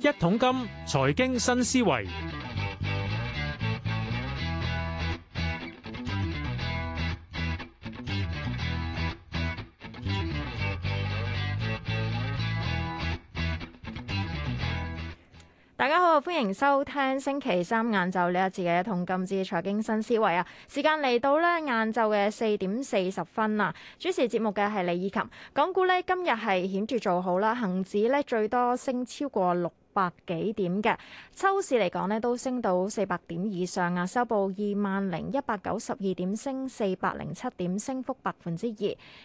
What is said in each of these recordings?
一桶金，財經新思維。歡迎收聽星期三晏晝呢一次嘅《一桶金之財經新思維》啊！時間嚟到咧，晏晝嘅四點四十分啦。主持節目嘅係李以琴。港股咧今日係顯著做好啦，恒指咧最多升超過六。百幾點嘅，收市嚟講呢都升到四百點以上啊，收報二萬零一百九十二點，升四百零七點，升幅百分之二。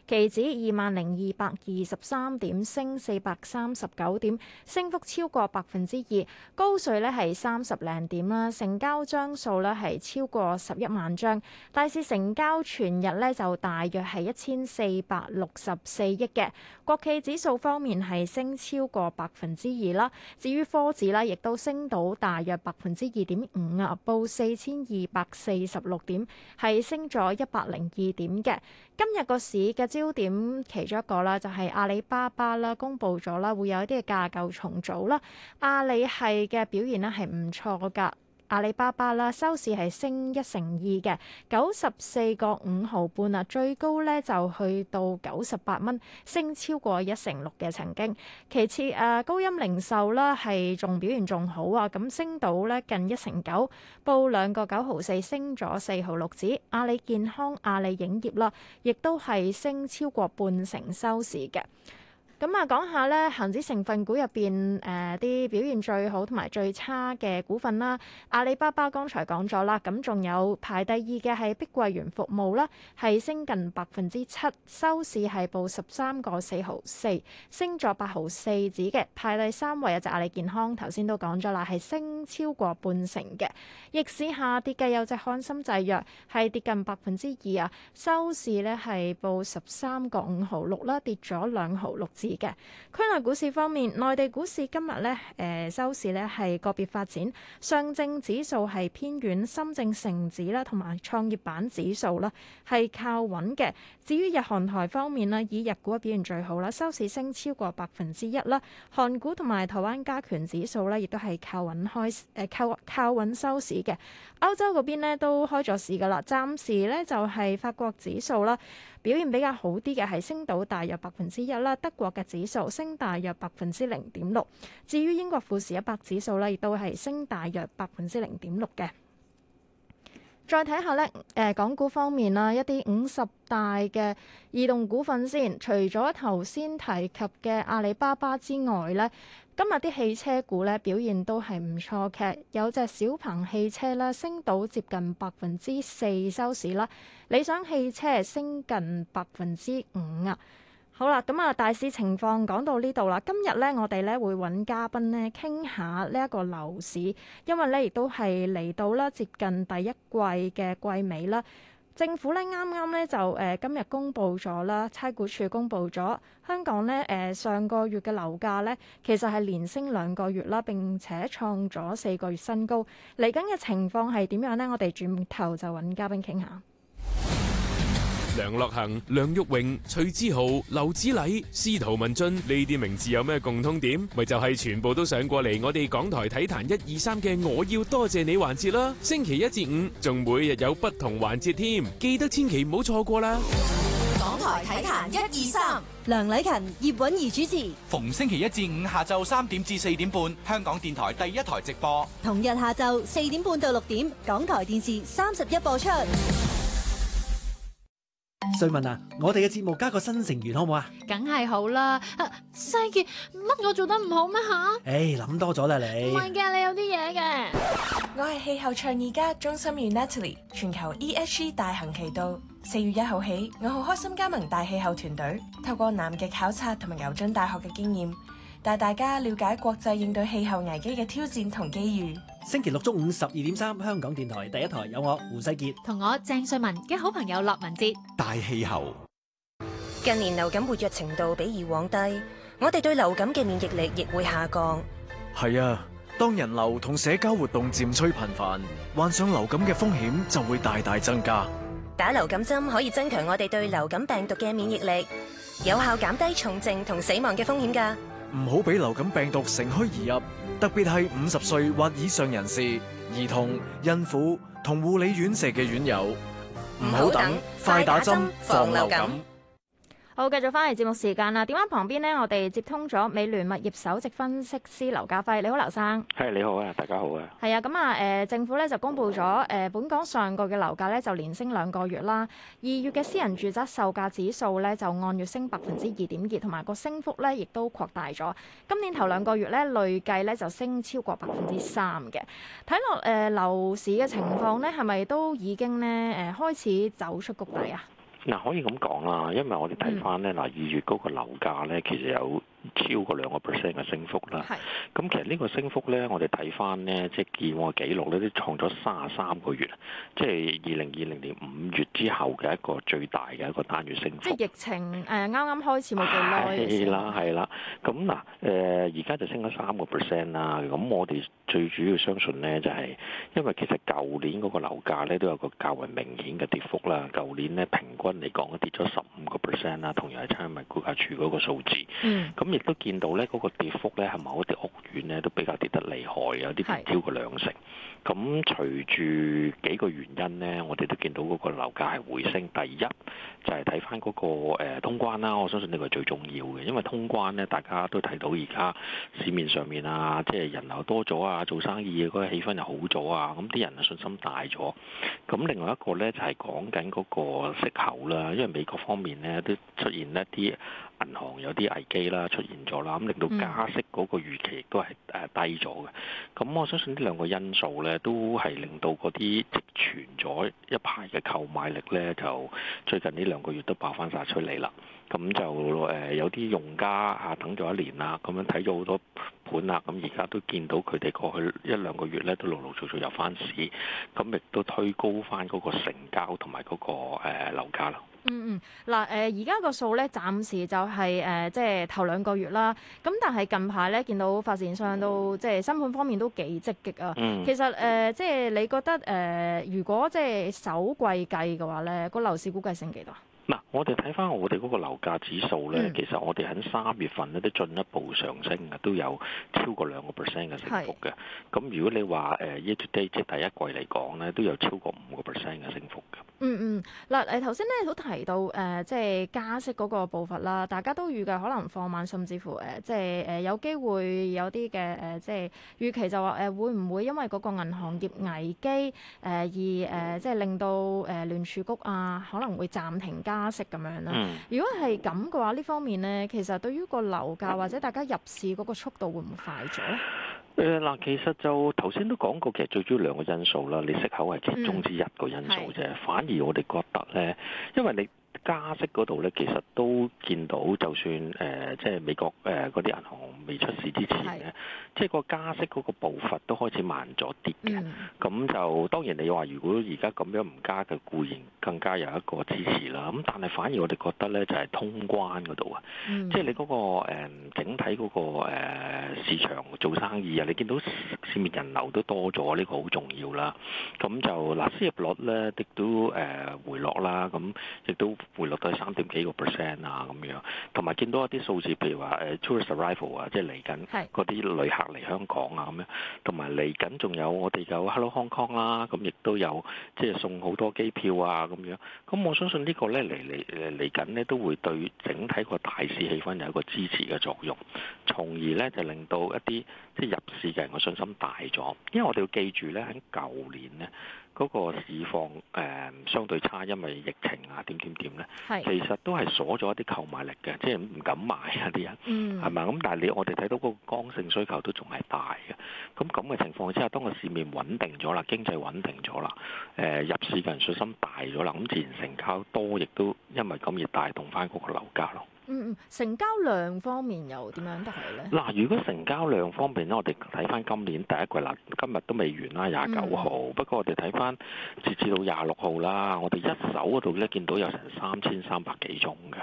期指二萬零二百二十三點，升四百三十九點，升幅超過百分之二。高水呢係三十零點啦，成交張數呢係超過十一萬張。大市成交全日呢就大約係一千四百六十四億嘅。國企指數方面係升超過百分之二啦。至於科指咧，亦都升到大約百分之二點五啊，報四千二百四十六點，係升咗一百零二點嘅。今日個市嘅焦點其中一個啦，就係阿里巴巴啦，公布咗啦，會有一啲嘅架構重組啦，阿里系嘅表現咧，係唔錯噶。阿里巴巴啦，收市係升一成二嘅，九十四個五毫半啊，最高咧就去到九十八蚊，升超過一成六嘅曾經。其次，誒，高鑫零售啦，係仲表現仲好啊，咁升到咧近一成九，報兩個九毫四，升咗四毫六紙。阿里健康、阿里影業啦，亦都係升超過半成收市嘅。咁啊，講下咧，恆指成分股入邊，誒、呃、啲表現最好同埋最差嘅股份啦。阿里巴巴剛才講咗啦，咁仲有排第二嘅係碧桂園服務啦，係升近百分之七，收市係報十三個四毫四，升咗八毫四子嘅。排第三位有隻阿里健康，頭先都講咗啦，係升超過半成嘅。逆市下跌嘅有隻翰森製藥，係跌近百分之二啊，收市呢係報十三個五毫六啦，跌咗兩毫六子。嘅，區內股市方面，內地股市今日咧，誒、呃、收市咧係個別發展，上證指數係偏軟，深證成指啦，同埋創業板指數啦係靠穩嘅。至於日韓台方面咧，以日股表現最好啦，收市升超過百分之一啦，韓股同埋台灣加權指數咧，亦都係靠穩開誒、呃、靠靠穩收市嘅。歐洲嗰邊咧都開咗市噶啦，暫時咧就係法國指數啦。表現比較好啲嘅係升到大約百分之一啦，德國嘅指數升大約百分之零點六，至於英國富時一百指數咧，亦都係升大約百分之零點六嘅。再睇下咧，誒、呃、港股方面啦，一啲五十大嘅異動股份先。除咗頭先提及嘅阿里巴巴之外咧，今日啲汽車股咧表現都係唔錯嘅，有隻小鵬汽車咧升到接近百分之四收市啦，理想汽車升近百分之五啊。好啦，咁、嗯、啊，大市情況講到呢度啦。今日呢，我哋呢會揾嘉賓咧傾下呢一個樓市，因為呢亦都係嚟到啦，接近第一季嘅季尾啦。政府呢啱啱呢就誒、呃、今日公布咗啦，差估處公布咗香港呢誒、呃、上個月嘅樓價呢，其實係連升兩個月啦，並且創咗四個月新高。嚟緊嘅情況係點樣呢？我哋轉頭就揾嘉賓傾下。梁樂恒、梁玉榮、徐志豪、劉子禮、司徒文俊，呢啲名字有咩共通點？咪就係、是、全部都上過嚟我哋港台體壇一二三嘅我要多謝，謝你環節啦！星期一至五仲每日有不同環節添，記得千祈唔好錯過啦！港台體壇一二三，梁禮勤、葉韻儀主持，逢星期一至五下晝三點至四點半，香港電台第一台直播；同日下晝四點半到六點，港台電視三十一播出。瑞文啊，我哋嘅節目加個新成員好唔好啊？梗係好啦，世杰，乜我做得唔好咩吓？誒、哎，諗多咗啦你。唔係嘅，你有啲嘢嘅。我係氣候倡議家，鍾芯豫 Natalie，全球 ESG 大行其道。四月一號起，我好開心加盟大氣候團隊，透過南極考察同埋牛津大學嘅經驗，帶大家了解國際應對氣候危機嘅挑戰同機遇。星期六中午十二點三，香港電台第一台有我胡世杰，同我鄭瑞文嘅好朋友樂文哲。大氣候，近年流感活躍程度比以往低，我哋對流感嘅免疫力亦會下降。係啊，當人流同社交活動漸趨頻繁，患上流感嘅風險就會大大增加。打流感針可以增強我哋對流感病毒嘅免疫力，有效減低重症同死亡嘅風險㗎。唔好俾流感病毒乘虛而入。3特別係五十歲或以上人士、兒童、孕婦同護理院舍嘅院友，唔好等，快打針，防流感。好，繼續翻嚟節目時間啦。電話旁邊呢，我哋接通咗美聯物業首席分析師劉家輝。你好，劉生。係、hey, 你好啊，大家好啊。係啊，咁、呃、啊，誒政府咧就公布咗誒、呃、本港上個嘅樓價咧就連升兩個月啦。二月嘅私人住宅售價指數咧就按月升百分之二點幾，同埋個升幅咧亦都擴大咗。今年頭兩個月咧累計咧就升超過百分之三嘅。睇落誒樓市嘅情況咧，係咪都已經咧誒開始走出谷底啊？嗱，可以咁講啦，因為我哋睇翻咧，嗱、嗯、二月嗰個樓價咧，其實有超過兩個 percent 嘅升幅啦，咁是其實呢個升幅呢，我哋睇翻呢，即係以往嘅紀錄呢，都創咗三十三個月，即係二零二零年五月之後嘅一個最大嘅一個單月升幅。即係疫情啱啱、呃、開始冇幾耐。係啦係啦，咁嗱誒，而家、呃、就升咗三個 percent 啦。咁我哋最主要相信呢、就是，就係因為其實舊年嗰個樓價咧都有個較為明顯嘅跌幅啦。舊年呢，平均嚟講，跌咗十五個 percent 啦，同樣係差餉物業估價署嗰個數字。咁、嗯都見到呢嗰個跌幅呢，係某啲屋苑呢都比較跌得厲害，有啲超過兩成。咁隨住幾個原因呢，我哋都見到嗰個樓價係回升。第一就係睇翻嗰個誒通關啦，我相信呢個最重要嘅，因為通關呢大家都睇到而家市面上面啊，即係人流多咗啊，做生意嗰個氣氛又好咗啊，咁啲人信心大咗。咁另外一個呢，就係講緊嗰個息口啦，因為美國方面呢，都出現一啲銀行有啲危機啦，出現。完咗啦，咁、嗯、令到加息嗰個預期都係誒低咗嘅，咁我相信呢兩個因素咧，都係令到嗰啲積存咗一排嘅購買力咧，就最近呢兩個月都爆翻晒出嚟啦，咁就誒有啲用家啊等咗一年啦，咁樣睇咗好多盤啦，咁而家都見到佢哋過去一兩個月咧，都陸陸續續入翻市，咁亦都推高翻嗰個成交同埋嗰個誒樓價啦。嗯嗯，嗱、嗯、誒，而家個數咧，暫時就係、是、誒、呃、即係頭兩個月啦。咁但係近排咧，見到發展商都、嗯、即係新盤方面都幾積極啊。嗯、其實誒、呃，即係你覺得誒、呃，如果即係首季計嘅話咧，個樓市估計升幾多？嗱，我哋睇翻我哋嗰個樓價指數咧，嗯、其實我哋喺三月份咧都進一步上升嘅，都有超過兩個 percent 嘅升幅嘅。咁是如果你話誒，year-to-date 即係第一季嚟講咧，都有超過五個 percent 嘅升幅嘅。嗯嗯，嗱誒頭先咧都提到誒、呃，即係加息嗰個步伐啦，大家都預計可能放慢，甚至乎誒即係誒、呃、有機會有啲嘅誒即係預期就話誒會唔會因為嗰個銀行業危機誒而誒即係令到誒、呃、聯儲局啊可能會暫停加息咁樣啦。嗯、如果係咁嘅話，呢方面咧其實對於個樓價或者大家入市嗰個速度會唔會快咗咧？誒，嗱，其實就頭先都講過，其實最主要兩個因素啦，你息口係其中之一個因素啫。嗯、反而我哋覺得咧，因為你加息嗰度咧，其實都見到就、呃，就算誒，即係美國誒嗰啲銀行未出事之前咧。即係個加息個步伐都開始慢咗啲嘅，咁、mm. 就當然你話如果而家咁樣唔加嘅，固然更加有一個支持啦。咁但係反而我哋覺得咧，就係、是、通關度啊，mm. 即係你、那個誒、嗯、整體、那個誒、呃、市場做生意啊，你見到市面人流都多咗，呢、這個好重要啦。咁就嗱，失、啊、業率咧亦都誒、呃、回落啦，咁、嗯、亦都回落到三點幾個 percent 啊咁樣，同埋見到一啲數字，譬如話誒 tourist arrival 啊，呃、Arri val, 即係嚟緊嗰啲旅客。嚟香港啊咁樣，同埋嚟緊仲有我哋有 Hello Hong Kong 啦、啊，咁亦都有即係送好多機票啊咁樣。咁我相信呢個呢，嚟嚟嚟緊呢，都會對整體個大市氣氛有一個支持嘅作用，從而呢，就令到一啲即係入市嘅人嘅信心大咗。因為我哋要記住呢，喺舊年呢，嗰個市況誒、呃、相對差，因為疫情啊點點點咧，其實都係鎖咗一啲購買力嘅，即係唔敢買嗰啲人，係咪、嗯？咁但係你我哋睇到嗰個剛性需求都仲係大嘅，咁咁嘅情況之下，當個市面穩定咗啦，經濟穩定咗啦，誒、呃、入市嘅人信心大咗啦，咁自然成交多，亦都因為咁而帶動翻嗰個樓價咯。嗯嗯，成交量方面又點樣得嚟咧？嗱，如果成交量方面咧，我哋睇翻今年第一季啦，今日都未完啦，廿九號。嗯、不過我哋睇翻截至到廿六號啦，我哋一手嗰度咧見到有成三千三百幾宗嘅。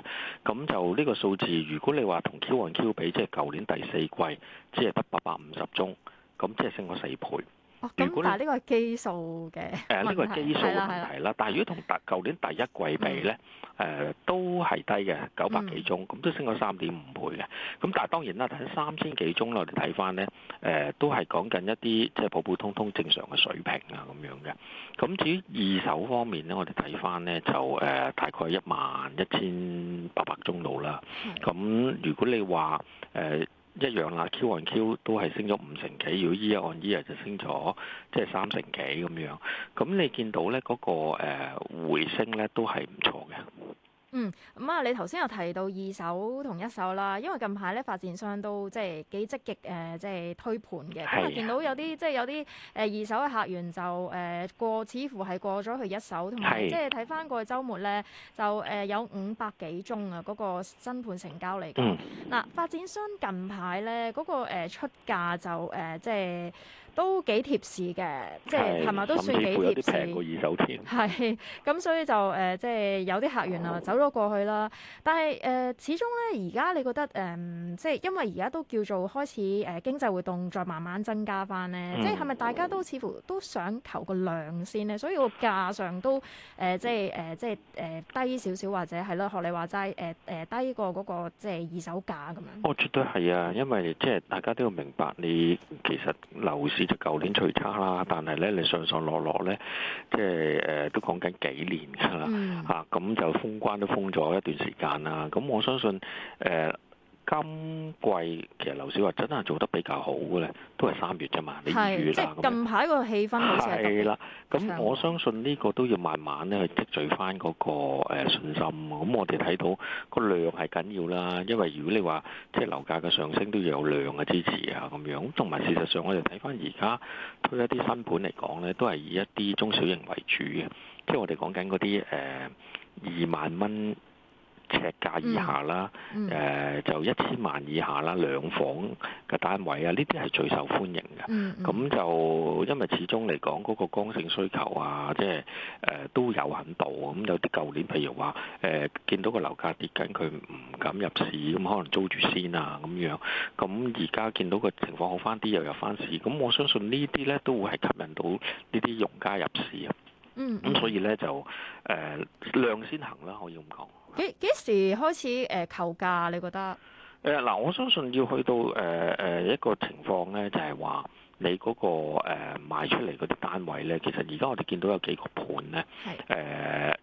咁就呢個數字，如果你話同 Q on Q 比，即係舊年第四季只係得八百五十宗，咁即係升咗四倍。咁、哦、但係呢個係基數嘅，問題係啦，係啦、呃，係、這、啦、個。但係如果同第舊年第一季比呢，誒、嗯呃、都係低嘅，九百幾宗，咁、嗯、都升咗三點五倍嘅。咁但係當然啦，睇三千幾宗，我哋睇翻呢，誒、呃、都係講緊一啲即係普普通通正常嘅水平啊咁樣嘅。咁至於二手方面呢，我哋睇翻呢，就誒、呃、大概一萬一千八百宗度啦。咁的如果你話誒？呃一樣啦，Q on Q 都係升咗五成幾，如果 E on E 就升咗即係三成幾咁樣。咁你見到呢嗰、嗰個回升呢，都係唔錯嘅。嗯，咁啊，你頭先有提到二手同一手啦，因為近排咧發展商都即係幾積極誒即係推盤嘅。咁啊的，見到有啲即係有啲誒二手嘅客源就誒過似乎係過咗去一手，同埋即係睇翻過去週末咧就誒有五百幾宗啊，嗰、嗰個新盤成交嚟嘅。嗱、嗯，發展商近排咧嗰個誒出價就誒即係都幾貼市嘅，即係係咪都算幾貼市？甚至乎有啲平過二手添。係咁、嗯、所以就誒即係有啲客源啊走。哦都過去啦，但係誒、呃、始終咧，而家你覺得誒、嗯，即係因為而家都叫做開始誒、呃、經濟活動再慢慢增加翻咧，嗯、即係係咪大家都似乎都想求個量先咧，所以個價上都誒、呃、即係誒、呃、即係誒、呃、低少少或者係咯學你話齋誒誒低過嗰個、那個、即係二手價咁樣。我絕對係啊，因為即係大家都要明白你，你其實樓市就舊年最差啦，但係咧你上上落落咧，即係誒、呃、都講緊幾年噶啦、嗯、啊，咁就封關都。封咗一段時間啦，咁我相信誒、呃、今季其實樓市話真係做得比較好嘅咧，都係三月啫嘛，你二月即係是樣近排個氣氛好似係啦，咁我相信呢個都要慢慢咧去積聚翻嗰個信心。咁我哋睇到個量係緊要啦，因為如果你話即係樓價嘅上升都要有量嘅支持啊咁樣。咁同埋事實上我，我哋睇翻而家推一啲新盤嚟講咧，都係以一啲中小型為主嘅，即係我哋講緊嗰啲誒、呃二萬蚊尺價以下啦，誒、嗯呃、就一千萬以下啦，兩房嘅單位啊，呢啲係最受歡迎嘅。咁、嗯、就因為始終嚟講，嗰、那個剛性需求啊，即係、呃、都有限度。咁、嗯、有啲舊年，譬如話誒、呃、見到個樓價跌緊，佢唔敢入市，咁、嗯、可能租住先啊咁樣。咁而家見到個情況好翻啲，又入翻市。咁、嗯、我相信呢啲呢，都會係吸引到呢啲用家入市啊。嗯，咁、嗯、所以咧就誒、呃、量先行啦，可以咁講幾幾時開始誒求、呃、價？你覺得誒嗱、呃，我相信要去到誒誒、呃呃、一個情況咧，就係、是、話你嗰、那個誒賣、呃、出嚟嗰啲單位咧，其實而家我哋見到有幾個盤咧，誒是、呃、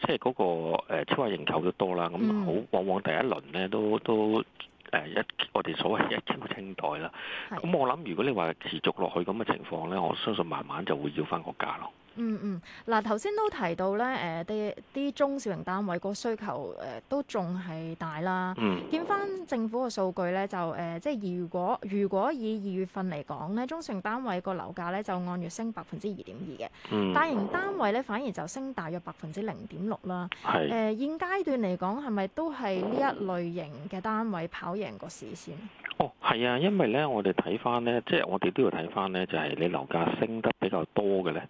即係嗰、那個、呃、超額認購都多啦。咁、嗯、好，嗯、往往第一輪咧都都誒一、呃、我哋所謂一千個清袋啦。咁是我諗，如果你話持續落去咁嘅情況咧，我相信慢慢就會要翻個價咯。嗯嗯，嗱、嗯，頭、啊、先都提到咧，誒、呃，啲啲中小型單位個需求誒、呃，都仲係大啦。嗯。見翻政府嘅數據咧，就誒、呃，即係如果如果以二月份嚟講咧，中小型單位個樓價咧就按月升百分之二點二嘅。嗯、大型單位咧、嗯、反而就升大約百分之零點六啦。係是。誒、呃，現階段嚟講係咪都係呢一類型嘅單位跑贏個市先？哦，係啊，因為咧，我哋睇翻咧，即係我哋都要睇翻咧，就係、是就是、你樓價升得比較多嘅咧。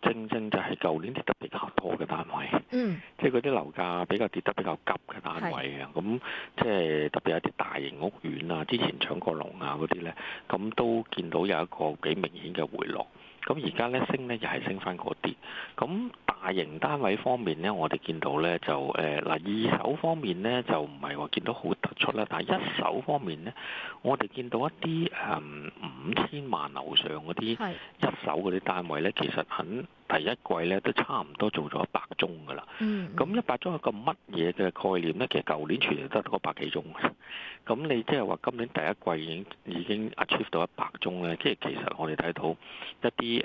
正正就係舊年跌得比較多嘅單位，mm. 即係嗰啲樓價比較跌得比較急嘅單位啊，咁即係特別有啲大型屋苑啊，之前搶過龍啊嗰啲呢，咁都見到有一個幾明顯嘅回落。咁而家咧升咧又係升翻嗰啲，咁大型單位方面咧，我哋見到咧就誒嗱二手方面咧就唔係話見到好突出啦，但係一手方面咧，我哋見到一啲誒五千萬樓上嗰啲是一手嗰啲單位咧，其實很。第一季咧都差唔多做咗一百宗噶啦，咁一百宗係個乜嘢嘅概念咧？其實舊年全年得個百幾宗，咁你即係話今年第一季已經已經 achieve 到一百宗咧，即係其實我哋睇到一啲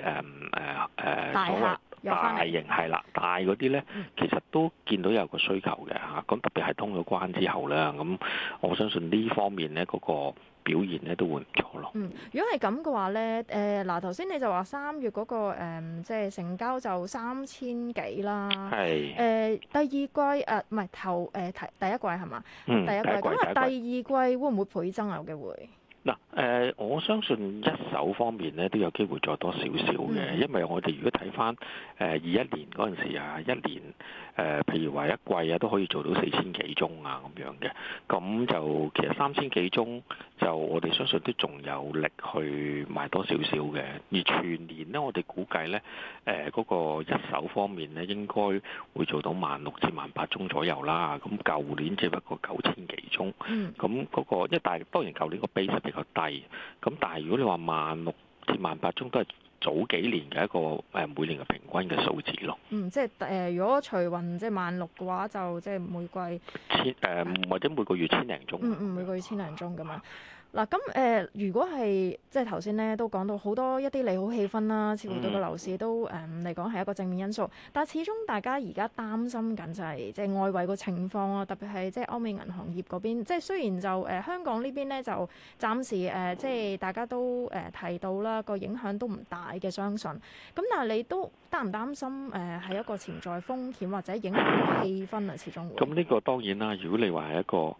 誒誒誒所謂大型係啦，大嗰啲咧其實都見到有個需求嘅嚇，咁特別係通咗關之後咧，咁我相信呢方面咧嗰個。表現咧都會唔錯咯。嗯，如果係咁嘅話咧，誒、呃、嗱，頭先你、那個呃、就話三月嗰個即係成交就三千幾啦。係。誒、呃、第二季誒唔係頭誒第第一季係嘛？第一季。咁啊、嗯，第二季會唔會倍增啊？有機會。嗱，誒，我相信一手方面咧都有機會再多少少嘅，因為我哋如果睇翻誒二一年嗰陣時啊，一年誒譬如話一季啊都可以做到四千幾宗啊咁樣嘅，咁就其實三千幾宗就我哋相信都仲有力去賣多少少嘅，而全年咧我哋估計咧誒嗰個一手方面咧應該會做到萬六至萬八宗左右啦，咁舊年只不過九千幾宗，咁、那、嗰個一但係當然舊年個 base 低，咁但係如果你話萬六至萬八宗都係早幾年嘅一個誒每年嘅平均嘅數字咯。嗯，即係誒、呃，如果除運即係萬六嘅話，就即係每季千誒，呃嗯、或者每個月千零宗。嗯嗯，每個月千零宗咁樣。嗱，咁誒、呃，如果係即係頭先咧都講到好多一啲利好氣氛啦，似乎對個樓市都誒嚟講係一個正面因素。但係始終大家而家擔心緊就係、是、即係外圍個情況啊，特別係即係歐美銀行業嗰邊。即係雖然就誒、呃、香港呢邊咧就暫時誒、呃、即係大家都誒、呃、提到啦，個影響都唔大嘅，相信。咁但係你都擔唔擔心誒係、呃、一個潛在風險或者影響氣氛啊？始終會。咁呢個當然啦，如果你話係一個。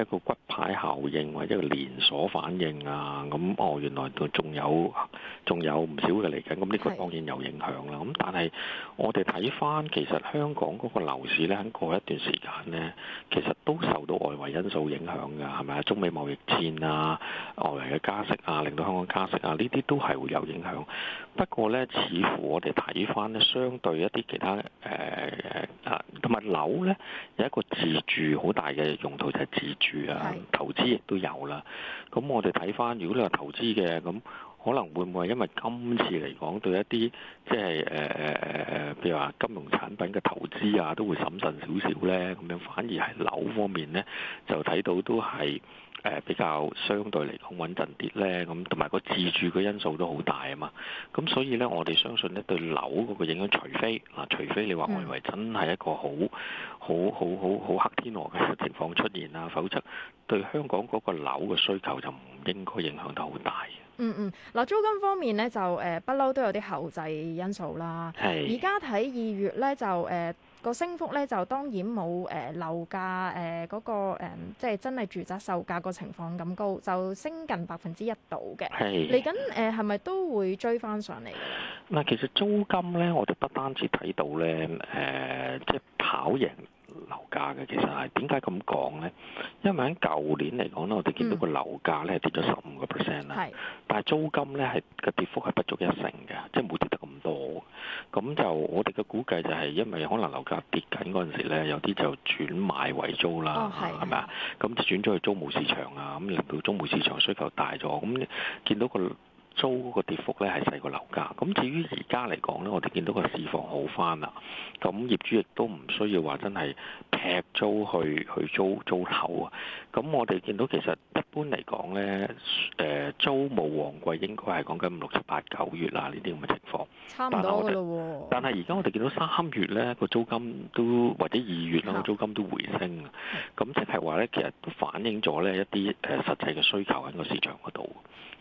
一個骨牌效應或者一個連鎖反應啊，咁哦原來仲仲有仲有唔少嘅嚟緊，咁呢個當然有影響啦。咁是但係我哋睇翻，其實香港嗰個樓市呢，過一段時間呢，其實都受到外圍因素影響㗎，係咪啊？中美貿易戰啊，外圍嘅加息啊，令到香港加息啊，呢啲都係會有影響。不過呢，似乎我哋睇翻呢相對一啲其他誒啊，同、呃、埋樓呢，有一個自住好大嘅用途就係自住，住啊，投資亦都有啦。咁我哋睇翻，如果係投資嘅，咁可能會唔會因為今次嚟講對一啲即係誒誒誒誒，譬如話金融產品嘅投資啊，都會審慎少少咧？咁樣反而係樓方面咧，就睇到都係。誒比較相對嚟講穩陣啲咧，咁同埋個自住嘅因素都好大啊嘛，咁所以咧我哋相信咧對樓嗰個影響除，除非嗱除非你話我認為真係一個、嗯、好好好好好黑天鵝嘅情況出現啦，否則對香港嗰個樓嘅需求就唔應該影響得好大。嗯嗯，嗱、嗯、租金方面咧就誒不嬲都有啲後制因素啦，而家睇二月咧就誒。呃個升幅咧就當然冇誒、呃、樓價誒嗰、呃嗰個、呃、即係真係住宅售價個情況咁高，就升近百分之一度嘅。係嚟緊誒係咪都會追翻上嚟？嗱，其實租金咧，我哋不單止睇到咧誒，即、呃、係、就係、跑贏。價嘅其實係點解咁講咧？因為喺舊年嚟講咧，我哋見到個樓價咧、嗯、跌咗十五個 percent 啦。是但係租金咧係個跌幅係不足一成嘅，即係冇跌得咁多。咁就我哋嘅估計就係因為可能樓價跌緊嗰陣時咧，有啲就轉買為租啦，係咪啊？咁就轉咗去租務市場啊，咁令到租務市場需求大咗，咁、嗯、見到、個。租嗰個跌幅咧係細過樓價。咁至於而家嚟講咧，我哋見到個市況好翻啦，咁業主亦都唔需要話真係劈租去去租租樓啊。咁我哋見到其實一般嚟講咧，誒租冇旺季，應該係講緊五六七八九月啊呢啲咁嘅情況，差唔多嘅咯。但係而家我哋見到三月咧個租金都或者二月啦個租金都回升，咁即係話咧，其實都反映咗咧一啲誒實際嘅需求喺個市場嗰度。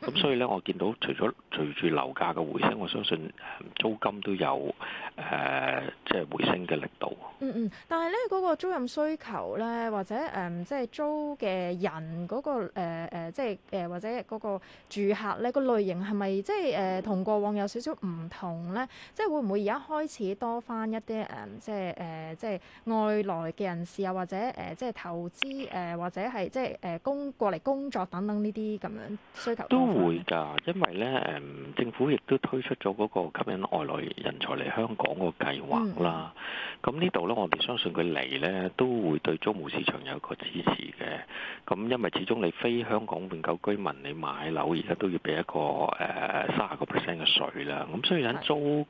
咁、嗯、所以咧，我見到除咗隨住樓價嘅回升，我相信租金都有誒、呃，即係回升嘅力度。嗯嗯，但係咧嗰個租賃需求咧，或者誒、嗯，即係租嘅人嗰、那個誒、呃、即係誒、呃呃、或者嗰個住客咧，嗰個類型係咪即係誒同過往有少少唔同咧？即係會唔會而家開始多返一啲誒、嗯，即係誒、呃，即係外來嘅人士啊，或者誒、呃，即係投資誒、呃，或者係即係誒、呃、工過嚟工作等等呢啲咁樣需求。嗯。會㗎，因為咧誒、嗯，政府亦都推出咗嗰個吸引外來人才嚟香港個計劃啦。咁、嗯、呢度咧，我哋相信佢嚟咧，都會對租務市場有個支持嘅。咁因為始終你非香港永久居民，你買樓而家都要俾一個誒卅個 percent 嘅稅啦。咁所以喺租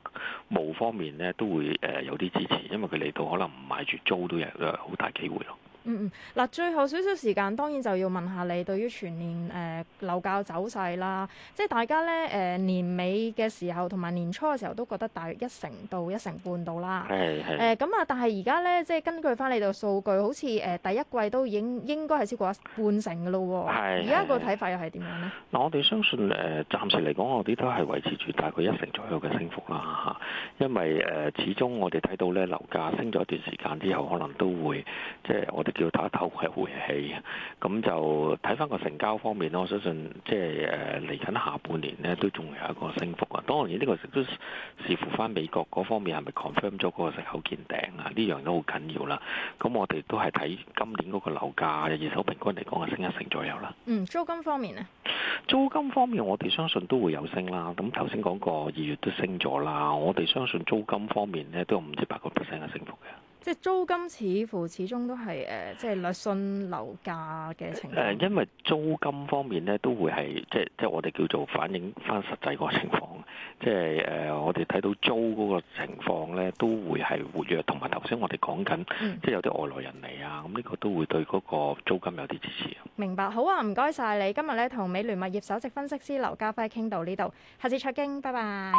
務方面咧，都會誒、呃、有啲支持，因為佢嚟到可能唔買住租都有好大機會咯。嗯嗯，嗱，最後少少時間，當然就要問下你對於全年誒樓價走勢啦，即係大家咧誒、呃、年尾嘅時候同埋年初嘅時候都覺得大約一成到一成半到啦，係係，誒，咁啊，但係而家咧即係根據翻你度數據好似誒、呃、第一季都已經應該係超過一半成嘅咯喎，係，而家個睇法又係點樣咧？嗱、呃，我哋相信誒暫時嚟講我哋都係維持住大概一成左右嘅升幅啦，吓，因為誒、呃、始終我哋睇到咧樓價升咗一段時間之後可能都會即係。我。叫打唞係回氣，咁就睇翻個成交方面咯。我相信即係嚟緊下半年呢，都仲有一個升幅啊。當然呢個都視乎翻美國嗰方面係咪 confirm 咗嗰個息口見頂啊？呢樣都好緊要啦。咁我哋都係睇今年嗰個樓價二手平均嚟講係升一成左右啦。嗯，租金方面呢？租金方面我哋相信都會有升啦。咁頭先講過二月都升咗啦，我哋相信租金方面呢，都有五至八個 percent 嘅升幅嘅。即係租金似乎始終都係誒，即、呃、係、就是、略信樓價嘅情況。誒，因為租金方面咧，都會係即係即係我哋叫做反映翻實際、呃、個情況。即係誒，我哋睇到租嗰個情況咧，都會係活躍，同埋頭先我哋講緊，嗯、即係有啲外來人嚟啊，咁、這、呢個都會對嗰個租金有啲支持。明白，好啊，唔該晒你，今日咧同美聯物業首席分析師劉家輝傾到呢度，下次再傾，拜拜。